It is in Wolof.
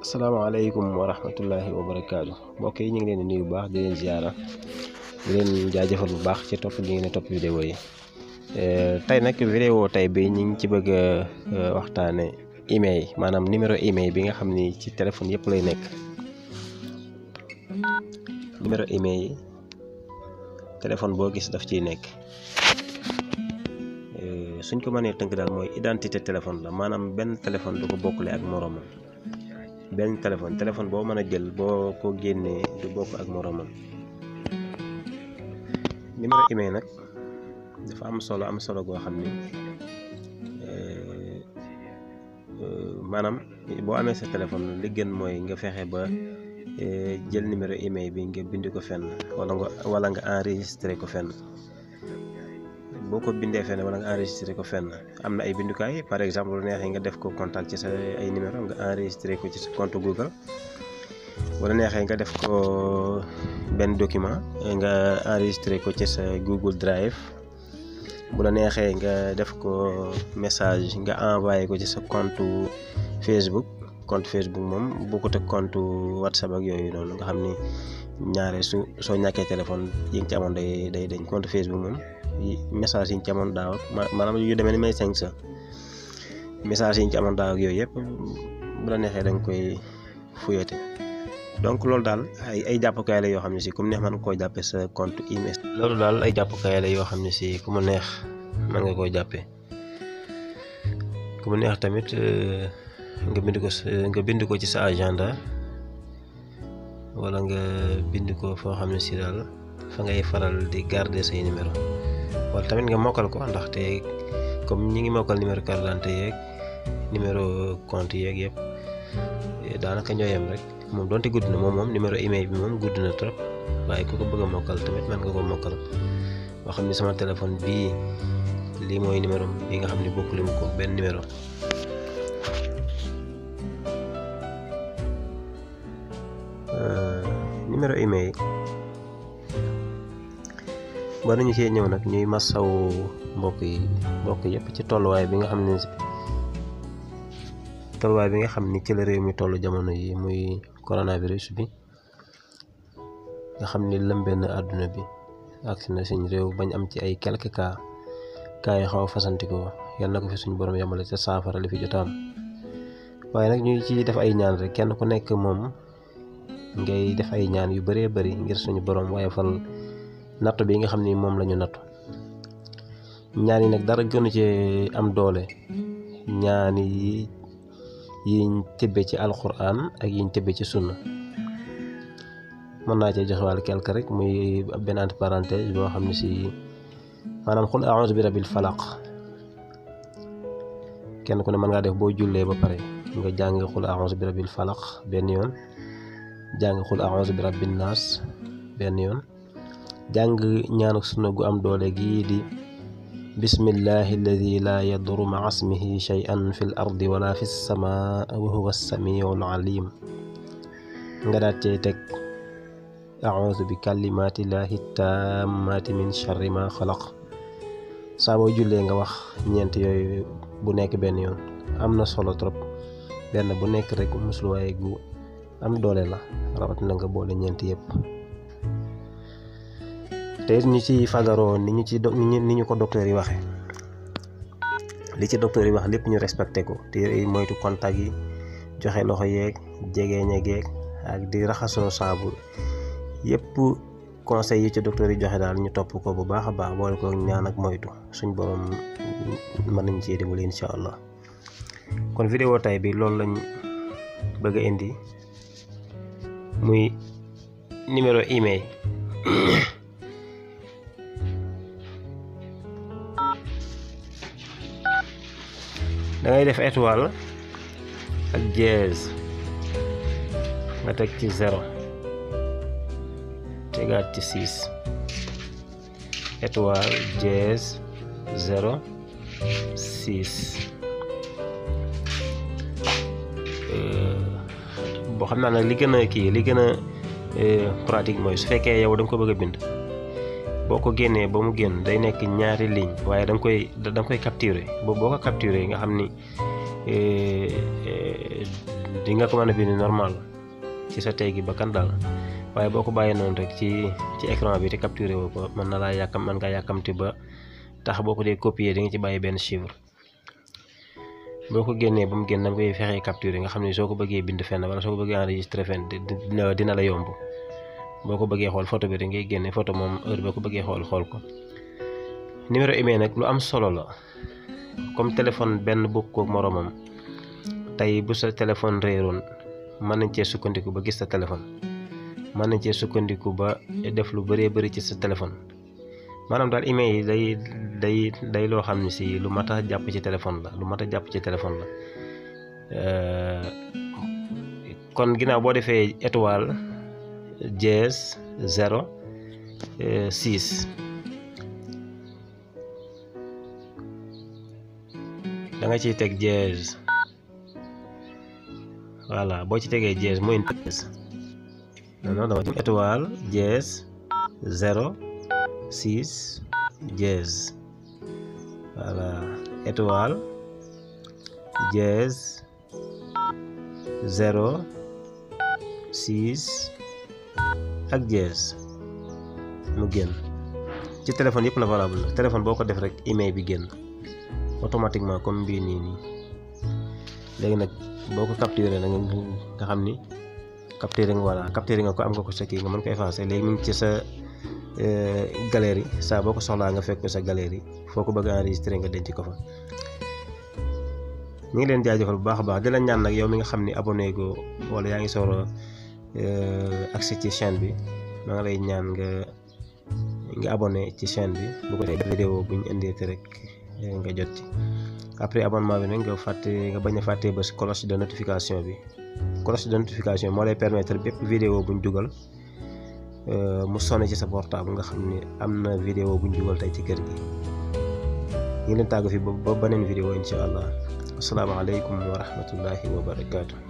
asalaamaaleykum wa rahmatullahi wa barakaatu mbokk yi ñu ngi leen di bu baax di leen ziara di jaajëfal bu baax ci topp gi ngeen di topp vidéo eh, tey nag vidéo tey bi ñu ngi ci bëgg a eh, waxtaane email maanaam numéro email bi nga xam ni ci téléphone yëpp lay nekk numéro email téléphone boo gis daf ciy nekk eh, suñ ko mënee tënk daal mooy identité téléphone la maanaam benn téléphone du ko bokkule ak moroomam benn téléphone téléphone boo mën a jël boo ko génnee du bokk ak moroomam numéro IMEI nag dafa am solo am solo goo xam ni eh, eh, maanaam boo amee sa téléphone li gën mooy nga fexe ba eh, jël numéro IMEI bi nga bind ko fen walla nga wala nga enregistré ko fenn boo ko bindee fenn wala nga enregistré ko fenn am na ay bindukaay par exemple lu neexee nga def ko contact ci sa ay numéro nga ko ci sa compte Google neexee nga def ko benn document nga enregistré ko ci sa Google Drive bu neexee nga def ko message nga envoyé ko ci sa compte Facebook compte Facebook moom boo bokkut ak compte WhatsApp ak yooyu noonu nga xam ni ñaare su soo ñàkkee téléphone yi nga ci day day dañ compte Facebook moom. message yi ñu ci amoon daaw ak maanaam yu demee ni may cinq sa message yi ñu ci ak yooyu yëpp bu la neexee da koy fuyote donc loolu daal ay ay jàppukaay la yoo xam ne si ku mu neex mën nga koo jàppee sa compte IMS. loolu daal ay jàppukaay la yoo xam ne si ku mu neex mën nga koo jàppee ku mu neex tamit euh, nga bind ko nga bind ko ci sa agenda wala nga bind ko foo xam ne si daal fa ngay faral di garde say numéro wala tamit nga mokkal ko ndaxte comme ñi ngi mokkal numéro carte d'identité yeeg numéro compte yeeg yëpp eh, daanaka ñoo yem rek moom donte gudd na moom moom numéro email bi moom gudd na trop waaye ku ko bëgg a mokkal tamit mën nga ko mokkal boo xam ne sama téléphone bii lii mooy numéro bi nga xam ne bokkule mu ko benn numéro euh, numéro email bala ñu see ñëw nag ñuy masaw mbokk yi mbokk yëpp ci tolluwaay bi nga xam ni tolluwaay bi nga xam ni ci la mi toll jamono yi muy coronavirus bi nga xam ni lëmbee na àdduna bi agsi na suñ réew bañ am ci ay quelques kaa cas yi xaw a fasantikoo yal na ko fi suñ borom yamale sa saafara li fi jotaam waaye nag ñu ci def ay ñaan rek kenn ku nekk moom ngay def ay ñaan yu baree bëri ngir suñu borom wayafal nattu bi nga xam ni moom lañu ñu nattu ñaan yi nag dara gënu ci am doole ñaan yi yiñ tibbe ci alquran ak yiñ tibbe ci sunna mën naa cee joxe wàllu quelque rek muy benn entre parenthèse xam ne si maanaam xul a'uuzu bi rabbil falaq kenn ku ne mën ngaa def boo jullee ba pare nga jàng xul a'uuzu bi rabbil falaq benn yoon jàng xul a'uuzu bi rabbin naas benn yoon jàng ñaanu sunna gu am doole gii di bismillahi alladi laa yaduru ma asmihi shay'an fi l wala fi samaa wa huwa samiu al nga daat cey teg auzu bi kalimatillahi tammati min sharri ma xalaq saa boo jullee nga wax ñeent yooyu bu nekk benn yoon am na solo trop benn bu nekk rek musluwaay gu am doole la rawat na nga boole ñeent yëpp te ñu ci fagaroo ni ñu ci ni ñu ko docteur yi waxe li ci docteur yi wax lépp ñu respecté ko te moytu contact yi joxe loxo yeeg jegeñe geeg ak di raxasoo saabu yépp conseil yi ci docteur yi joxe daal ñu topp ko bu baax a baax boole ko ñaan ak moytu suñ borom mën nañ ci dimbali incha allah kon vidéo tay bi loolu lañ bëgg a indi muy numéro email da def étoile ak dièse nga teg ci zéro tegaat ci six étoile dièse zéro six euh, boo xam naa nag li gën a kii li gën a euh, pratique mooy su fekkee yow da ko bëgg a bind boo ko génnee ba mu génn day nekk ñaari ligne waaye danga koy da nga koy capturer boobu boo ko capturer nga xam ni eh, eh, di nga ko mën a bind normal ci sa tey gi daal waaye boo ko bàyyee noonu rek ci ci écran bi ti capturer woo ko mën na laa yàkkam mën ngaa yàkkamti ba tax boo ko dee copier di nga ci bàyyi benn chiffre boo ko génnee ba mu génn da koy fexee capturer nga xam ni soo ko bëggee bind fenn wala soo ko bëggee enregistrer fenn dina dina la yomb. boo ko bëggee xool foto bi rek ngay génne foto moom heure boo ko bëggee xool xool ko numéro IMEI nag lu am solo la comme téléphone benn bokkoo ak moroomam tey bu sa téléphone réeroon mën nañ cee sukkandiku ba gis sa téléphone mën nañ cee sukkandiku ba def lu bëree bëri ci sa téléphone maanaam daal IMEI yi day day day loo xam ne si lu mat a jàpp ci téléphone la lu mat a jàpp ci téléphone la euh, kon ginaaw boo defee étoile JS 0 6 da nga ciy teg JS voilà boo ci tegee JS mooy interface non non dama ci étoile JS 0 6 JS voilà étoile JS 0 ak dièse mu génn ci téléphone yëpp la valable na boo ko def rek email bi génn automatiquement comme mbii nii nii léegi nag boo ko capturé na nga xam ni capturé nga voilà capturé nga ko am nga ko sa kii nga mën ko effacé léegi mu ngi ci sa euh, galerie saa boo ko soxlaa nga fekk ko sa galerie foo ko bëgg enregistré nga denc ko fa mu ngi leen jaajëfal bu baax a baax di la ñaan nag yow mi nga xam ni abonné go yaa ngi sooro Euh, accès ci chaîne bi maa ngi lay ñaan nga nga abonné ci chaîne bi bu ko defee vidéo bu ñu indeete rek eh, nga jot ci après abonnement bi nag nga fàtte nga bañ a fàtte ba cloche de notification bi cloche de notification moo lay permettre bépp vidéo buñ ñu dugal euh, mu sonné ci sa portable nga xam ni am na vidéo bu ñu dugal tey ci kër gi ñu leen tàgg fi ba beneen vidéo incha allah asalaamaaleykum wa rahmatullahi wa